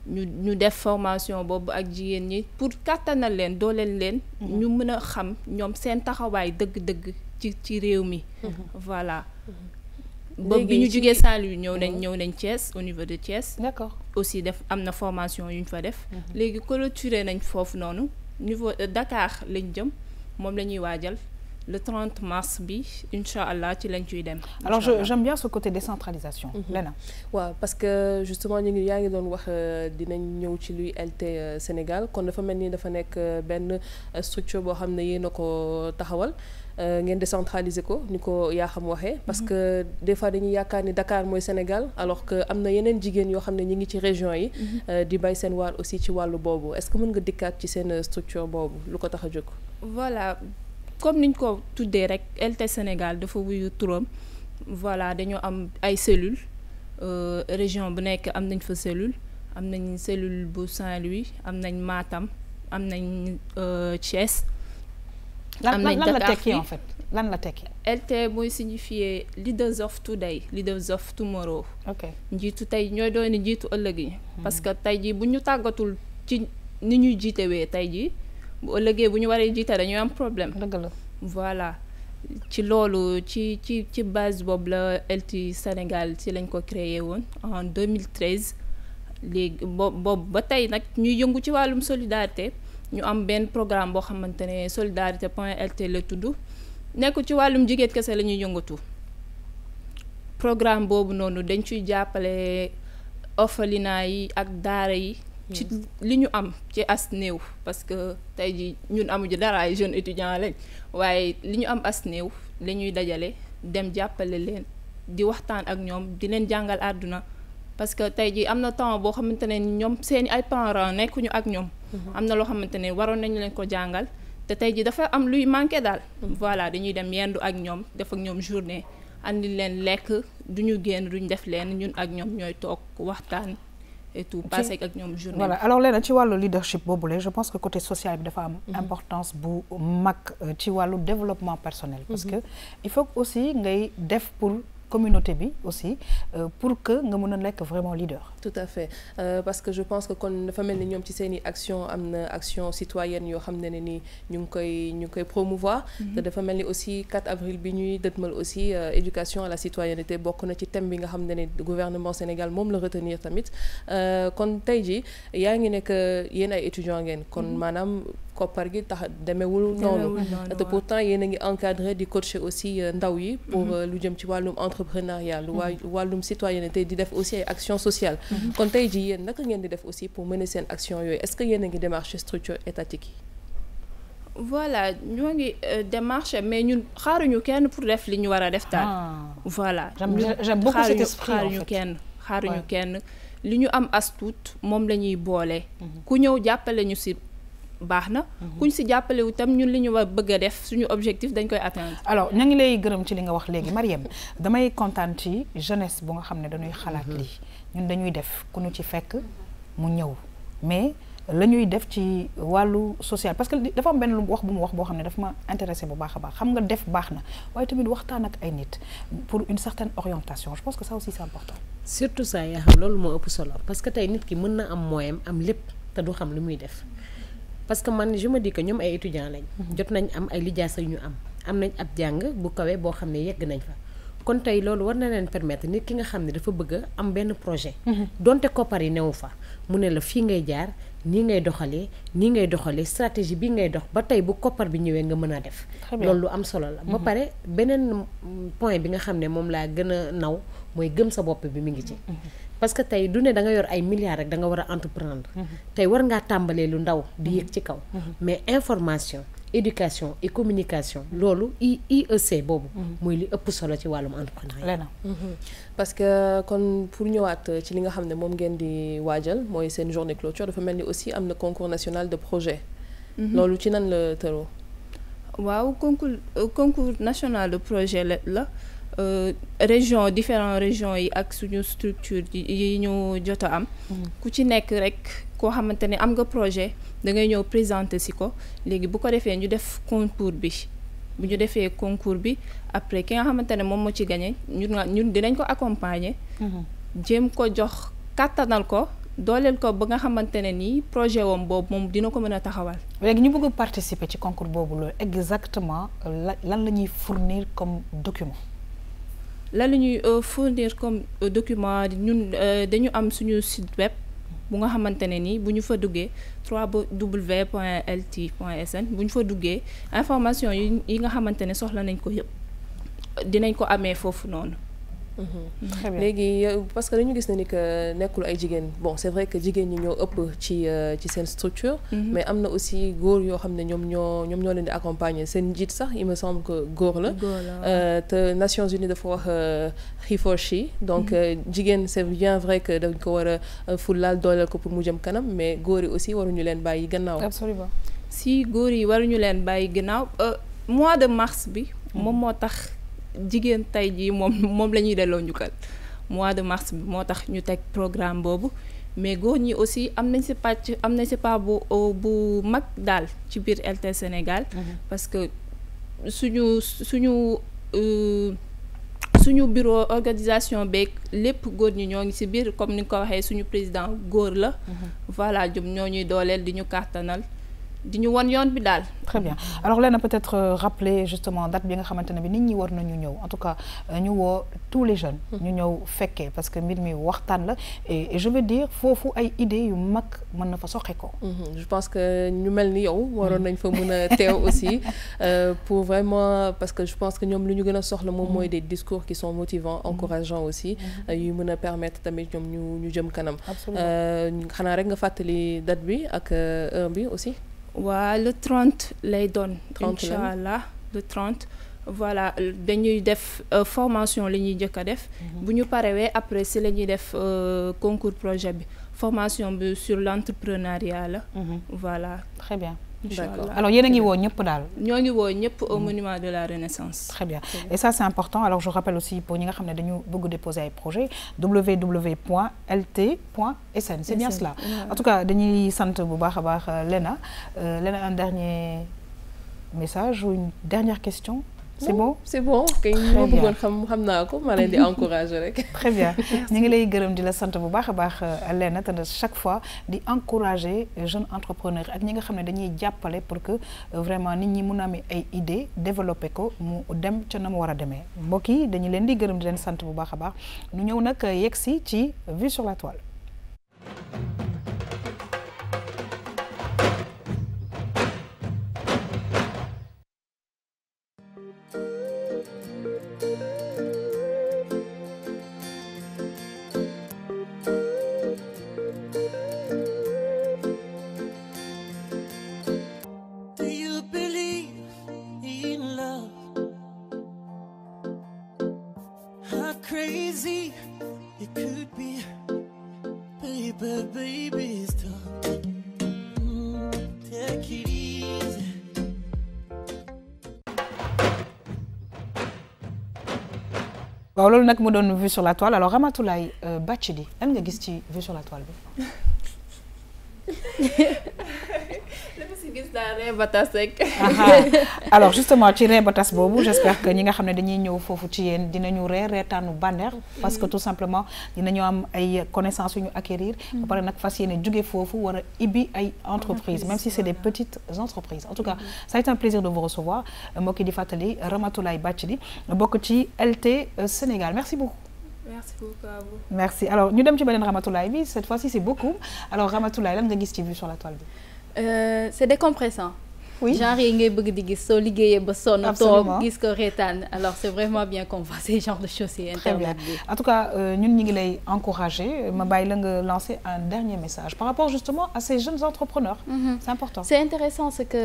ñu ñu def formation boobu ak jigéen ñi pour kàttanal leen dooleel leen. Mhm. ñu mën a xam ñoom seen taxawaay dëgg-dëgg ci ci réew mi. Mhm. voilà. Mhm. ba bi ñu jugee Saint-Louis ñëw nañ ñëw nañ Thiès au niveau de Thiès. d'accord aussi def am na formation yu ñu fa def. léegi clôturé nañ foofu noonu niveau euh, Dakar lañ jëm moom la ñuy waajal le 30 mars bi incha allah ci lañ ciy dem. alors j'aime bien ce côté décentralisation. Mhm. Lena waaw parce que justement ñu ngi yaa ngi doon wax euh, dinañ ñëw ci luy LT euh, Sénégal kon dafa mel ni dafa ben structure boo xam ne yéen a ko taxawal. décentraliser ko niko ya xam waxee. Mhm. parce que des fois dañuy yaakaar ni Dakar moy Sénégal alors que amna yenen jigen yo xamné ñi ngi ci région yi. Mhm. di bay seen waar aussi ci walu bobu est-ce que mën nga dikkat ci sen structure bobu lu ko tax voilà comme niñ ko tuddee rek LT Sénégal dafa wuyu turam voilà dañu am ay cellules euh, région bu nek am nañ fa cellule am nañ cellule bu Saint-Louis am nañ Matam am nañ euh, Thiès. am lan la tekki en fait lan la tekki. LT moy signifier leaders of today leaders of tomorrow. ok njiitu tey ñoy doon njiitu ëllëg yi. Hmm. parce que tay ji bu ñu tàggatul ci ni ñuy wé tay ji bu ëllëgee bu ñu waree jiite dañuy am problème. dëgg la voilà ci loolu ci ci ci base boobu la LTI Sénégal ci lañ ko créé woon en 2013 léegi boobu ba tey nag ñuy yëngu ci wàllum solidarité ñu am benn programme boo xamante ne solidarité point LT la tudd nekk ci wàllum jigéet kese la ñuy yëngatu programme boobu noonu dañ ciy jàppale orphelinat yi ak daara yi. ci li ñu am ci as néew parce que tey ji ñun amuñu dara ay jeunes étudiants lañ waaye li ñu am as néew la ñuy dajale dem jàppale leen di waxtaan ak ñoom di leen jàngal àdduna parce que tey ji am na temps boo xamante ne ñoom seeni ay parents nekkuñu ak ñoom mhm. am na loo xamante ne waroon nañu leen ko jàngal te tey ji dafa am luy manqué daal mhm. voilà dañuy dem yendu ak ñoom def ak ñoom journée andi leen lekk duñu génn duñ def leen ñun ak ñoom ñooy toog waxtaan et tout passer quelques jours. alors Léna leadership je pense que côté social de dafa une mhm. importance bu tu euh, ci développement personnel parce mhm. que il faut aussi ngay def pour communauté bi aussi euh, pour que nga soyons nek vraiment leader. tout à fait euh, parce que je pense que kon dafa melni ñom ci action action citoyenne yo xamné ni ñu koy ñu koy promouvoir. Mhm. te dafa melni aussi 4 avril bi ñuy aussi euh, éducation à la citoyenneté bokku na ci thème bi nga xamné gouvernement Sénégal mom le retenir tamit kon tay ji yaa ngi a ay étudiants ngeen kon mhm. maanaam koppar gi tax demeewul non et pourtant y a ngi encadré di coacher aussi euh, ndaw yi pour mm-hmm. euh, lu jëm ci wàllum entrepreneurial ou mm-hmm. à citoyenneté di def aussi action sociale mm-hmm. kon tu ji yéen naka ngeen di def aussi pour mener ses action est-ce que y a ngi démarche structure étatique voilà voilà avons ngi euh, démarche mais ñun xaaruñu kenn pour def li ñu war def ah. voilà j'aime beaucoup cet esprit xaaruñu kenn xaaruñu kenn li ñu am astute mom moom la ñuy boole ku ñëw jàppale ñu baax na mhm. kuñ si jàppalewu tam ñun li ñu war bëgg a def suñu objectif dañ koy atteindre alors ña ngi lay gërëm ci li nga wax léegi Mariem damay kontaan ci jeunesse bu nga xam ne dañuy xalaat mhm. lii ñun dañuy def ku nu ci fekk mu ñëw mais la ñuy def ci wàllu social parce que dafa am benn lu wax bu mu wax boo xam ne daf ma intéresé bu baax a baax xam nga def baax na waaye tamit waxtaan ak ay nit pour une certaine orientation je pense que ça aussi sa important surtout ça yaa xam loolu moo ëpp solo parce que tey nit ki mën na am moyen am lépp te du xam li muy def parce que man je me dis ñoom ay étudiants lañ. jot nañ am ay lijaasa yu ñu am am nañ ab jàng bu kawee boo xam ne yegg nañ fa. kon tey loolu war na leen permettre nit ki nga xam ne dafa bëgg am benn projet. Mhm. donte koppar yi newu fa mu ne la fii ngay jaar nii ngay doxalee nii ngay doxalee stratégie bi ngay dox ba tey bu koppar bi ñëwee nga mën a def. loolu lu am solo la. ba mhm. pare beneen point bi nga xam ne moom laa gën a naw mooy gëm sa bopp bi mu ngi ci. Mhm. parce que tay du da nga yor ay milliards rek da nga wara entreprendre mhm. tay war nga tambalé lu ndaw di yek ci kaw mhm. mais information éducation et communication lolu IEC bobu moy mhm. li ëpp solo ci walum entrepreneuriat parce que kon pour ñëwaat euh, ci li nga xamné ne ngeen di waajal moy seen journée clôture dafa mel ni aussi am concours national de projet lolu ci nan le tëroo waaw concours euh, concours national de projet la euh, région différentes régions yi ak suñu structure yi ñu jot a am mm-hmm. ku ci nekk rek ko xamante am nga projet da ngay ñëw présenter ci ko légui bu ko défé ñu def concours bi bu ñu défé concours bi après ki nga xamante mom mo ci gagner ñun ñun dinañ ko accompagner jëm mm-hmm. ko jox katanal ko dooleel ko ba nga xamante ni projet wam boobu moom dina ko mën a taxawal léegi ñu bëgg participer ci concours boobu loolu exactement lan la ñuy fournir comme document lan la ñuy euh, fournir comme euh, document ñun euh, dañu am suñu site bu nga xamante ne ni bu ñu fa duggee 3w point lt point sn bu ñu fa duggee information yi yi nga xamante ne soxla nañ ko yëpp dinañ ko amee foofu noonu Mhm. très bien léegi euh, parce que dañu gis ne ni que nekkul ay jigéen bon c'est vrai que jigéen ñi ñoo ëpp ci euh, ci seen structure. Mhm. mais am na aussi góor yoo xam ne ñoom ñoo ñoom ñoo leen di accompagner seen njiit sax il me semble que góor la. Euh, te Nations Unies dafa wax he for donc mhm. jigéen c'est bien vrai que dañ ko war a fulaal dooleel ko pour mu jëm kanam mais góor yi aussi waruñu leen bàyyi gannaaw. absolument si góor yi waruñu leen bàyyi gannaaw mois de mars bi moom moo tax jigéen tay ji moom moom la ñuy delloo njukkal mois de mars bi moo tax ñu teg programme boobu mais góor ñi aussi am nañ si pàcc am nañ si pàcc bu bu mag daal ci biir LT Sénégal. Mhm. parce que suñu suñu euh, suñu bureau organisation beeg lépp góor ñi ñoo ngi si biir comme ni nga ko waxee suñu président góor la. Mhm. voilà jom ñoo ñuy dooleel di ñu kàttanal di ñu won yoon bi daal. très bien alors Léna, peut-être euh, rappeler justement date bi nga xamante ne bi nit ñi war nañu ñëw en tout cas euh, ñu wo tous les jeunes. Hmm. ñu ñëw fekkee parce que mbir mi waxtaan la et je veux dire fofu ay idée yu mag mën na fa soxé ko. Hmm. je pense que ñu mel ni yow. Hmm. waroon nañ fa mëna (laughs) téw aussi euh, pour vraiment parce que je pense que ñom lu ñu gëna soxla mom moy des discours qui sont motivants encourageants aussi. yu mëna permettre tamit ñom ñu ñu jëm kanam. absolument xana rek nga fatali date bi ak heure bi aussi le 30 les donne, 30 le 30. voilà la def euh, formation la ñuy a def. Mhm. bu après c'est le euh, concours projet formation sur l'entrepreneuriat. Mhm. voilà très bien. Alors, il y a au mm. monument de la Renaissance. Très bien. Et ça, c'est important. Alors, je rappelle aussi, pour nous, qui beaucoup déposer un projet, www.lt.sn. C'est bien cela. En tout cas, Denis Sante Lena. Lena, un dernier message ou une dernière question c'est oh, bon c'est bon kay moo bëggoon xam xam naa ko ma leen di (laughs) encourager rek. très bien (laughs) ñu ngi lay gërëm di la sant bu baax a baax euh, Lena tane chaque fois di encourager euh, jeune entrepreneur ak ñi nga xam ne dañuy jàppale pour que euh, vraiment nit ñi mun a ay idée développer ko mu dem ca na mu war a demee mbokk yi dañu leen di gërëm di leen sant bu baax a baax ñu ñëw nag yegg si ci vue sur la toile. waaw on a mu doon vue sur la toile alors Ramatoulaye euh, Bathily lan nga gis ci vue sur la toile (laughs) alors justement tu ree j'espère que ñi nga xam ne dañuy ñëw gens ci yéen dinañu ree reetaanu bànneex parce que tout simplement dinañu am ay connaissances à ñu acquérir. ba pare nag fas yéene jóge foofu ay entreprises même si c'est des petites entreprises en tout cas ça a été un plaisir de vous recevoir Moi, di Fatali, Ramatoulaye Bathily bokk ci LT euh, Sénégal merci beaucoup. Merci beaucoup à vous. Merci. Alors, nous sommes chez Ramatoulaye, cette fois-ci c'est beaucoup. Alors, Ramatoulaye, tu as vu sur la toile. Euh, c'est décompressant. oui genre yi ngay bëgg di gis ba alors c'est vraiment bien qu'on voit ce genre de choses sur internet en tout cas euh, nous ñi ngi Je vais ma lancer un dernier message par rapport justement à ces jeunes entrepreneurs. Mm-hmm. C'est important C'est intéressant ce que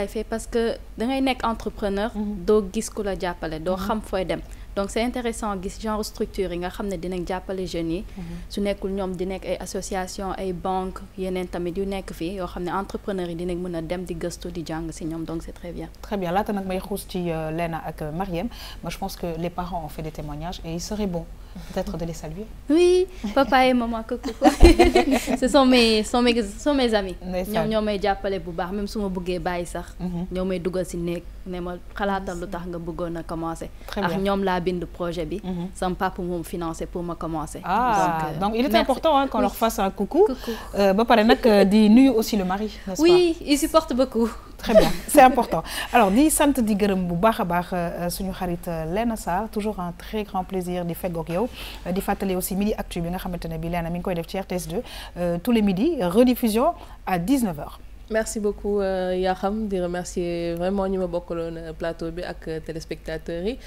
a fait parce que da ngay nekk entrepreneur. Mm-hmm. doo gis ku la jàppale doo mm-hmm. xam donc intéressant intéressant ce genre structure nga xamné dinañ jappalé jeunes yi mhm. su nekkul ñom di nekk ay association ay banque yenen tamit yu nekk fi yo xamné ne entrepreneurs yi dinañ mëna dem di gëstu di jang si ñom donc c'est très bien très bien laata nak may xoss ci euh, Lena ak euh, Mariem Moi, je pense que les parents ont fait des témoignages et il serait bon Peut-être de les saluer. Oui, papa et maman, coucou. (laughs) Ce sont mes, sont mes, sont mes amis. ñoom ñoo déjà bu baax même si je bëggee bàyyi sax. Mhm. ñoo may dugal si néeg ne ma xalaatal lu tax nga commencer. a commencé. ak ñoom laa bind projet bi. Mhm. sama papa me financé pour me commencer. ah donc euh, il est important hein qu'on leur fasse un coucou. Euh, ba pare nag euh, di nuyu aussi le mari n'est-ce pas. oui il supporte beaucoup. très bien c'est important alors ni sant di gërëm bu baaxa baax suñu xarit Lena sar toujours un très grand plaisir di faire gogio euh, di fàttali aussi midi actu bi nga xamantene bi Léna mi ngi koy def ci RTS2 euh, tous les midis rediffusion à 19h merci beaucoup euh, Yaham de remercier vraiment ñi ma na euh, plateau bi ak euh, téléspectateurs yi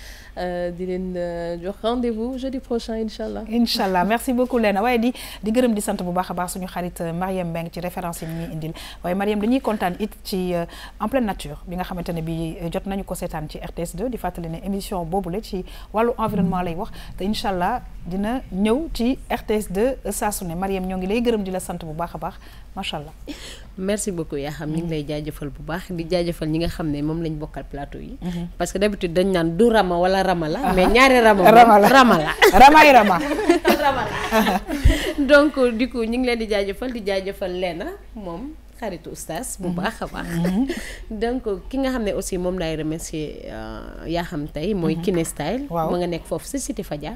di len jox rendez-vous jeudi prochain inshallah inshallah merci beaucoup Lena way di di gërëm di sante bu baaxa baax suñu xarit Mariam Beng ci référence yi ñuy indil waaye Mariam dañuy contane it ci en pleine nature bi nga xamante bi jot nañu ko sétane ci RTS 2 di fatale né émission boobule ci walu environnement lay wax te incha dina ñëw ci RTS 2 sa suné ne Mariam lay gërëm di la sante bu baaxa baax machallah merci beaucoup. ko yaa xam ñu ngi mm-hmm. lay jaajëfal bu baax di jaajëfal ñi nga xam ne moom lañ bokkal plateau yi mm-hmm. parce que d'habitude dañ naan du rama wala rama la ah. mais ñaari rama rama la rama la ramay (laughs) rama (laughs) rama la (laughs) donc du coup ñu ngi leen di jëfal di jaajëfal leena moom xaritu oustaz bu mm-hmm. baax a baax mm-hmm. (laughs) donc ki nga xam ne aussi moom laay remercier euh, yaa xam tay mooy mm-hmm. Kiné Style ma nga nekk foofu si Cité Fadia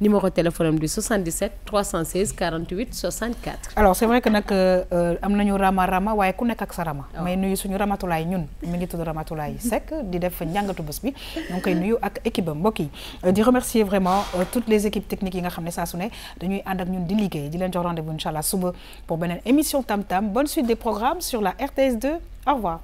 numéro téléphone am di 77 316 48 64 alors c'est vrai que nag euh, am nañu rama rama waaye ku nekk ak sa rama oh. may nuyu suñu ramatulaay ñun mi ngi tudd ramatulaay (laughs) Seck di def njàngatu bés bi ñu ngi koy nuyu ak équipe am mbokk yi euh, di remercier vraiment toutes les équipes techniques yi nga xam ne saa su ne dañuy ànd ak ñun di liggéey di leen jox rendez-vous incha allah suba pour beneen émission tam tam bonne suite des sur la RTS2. Au revoir.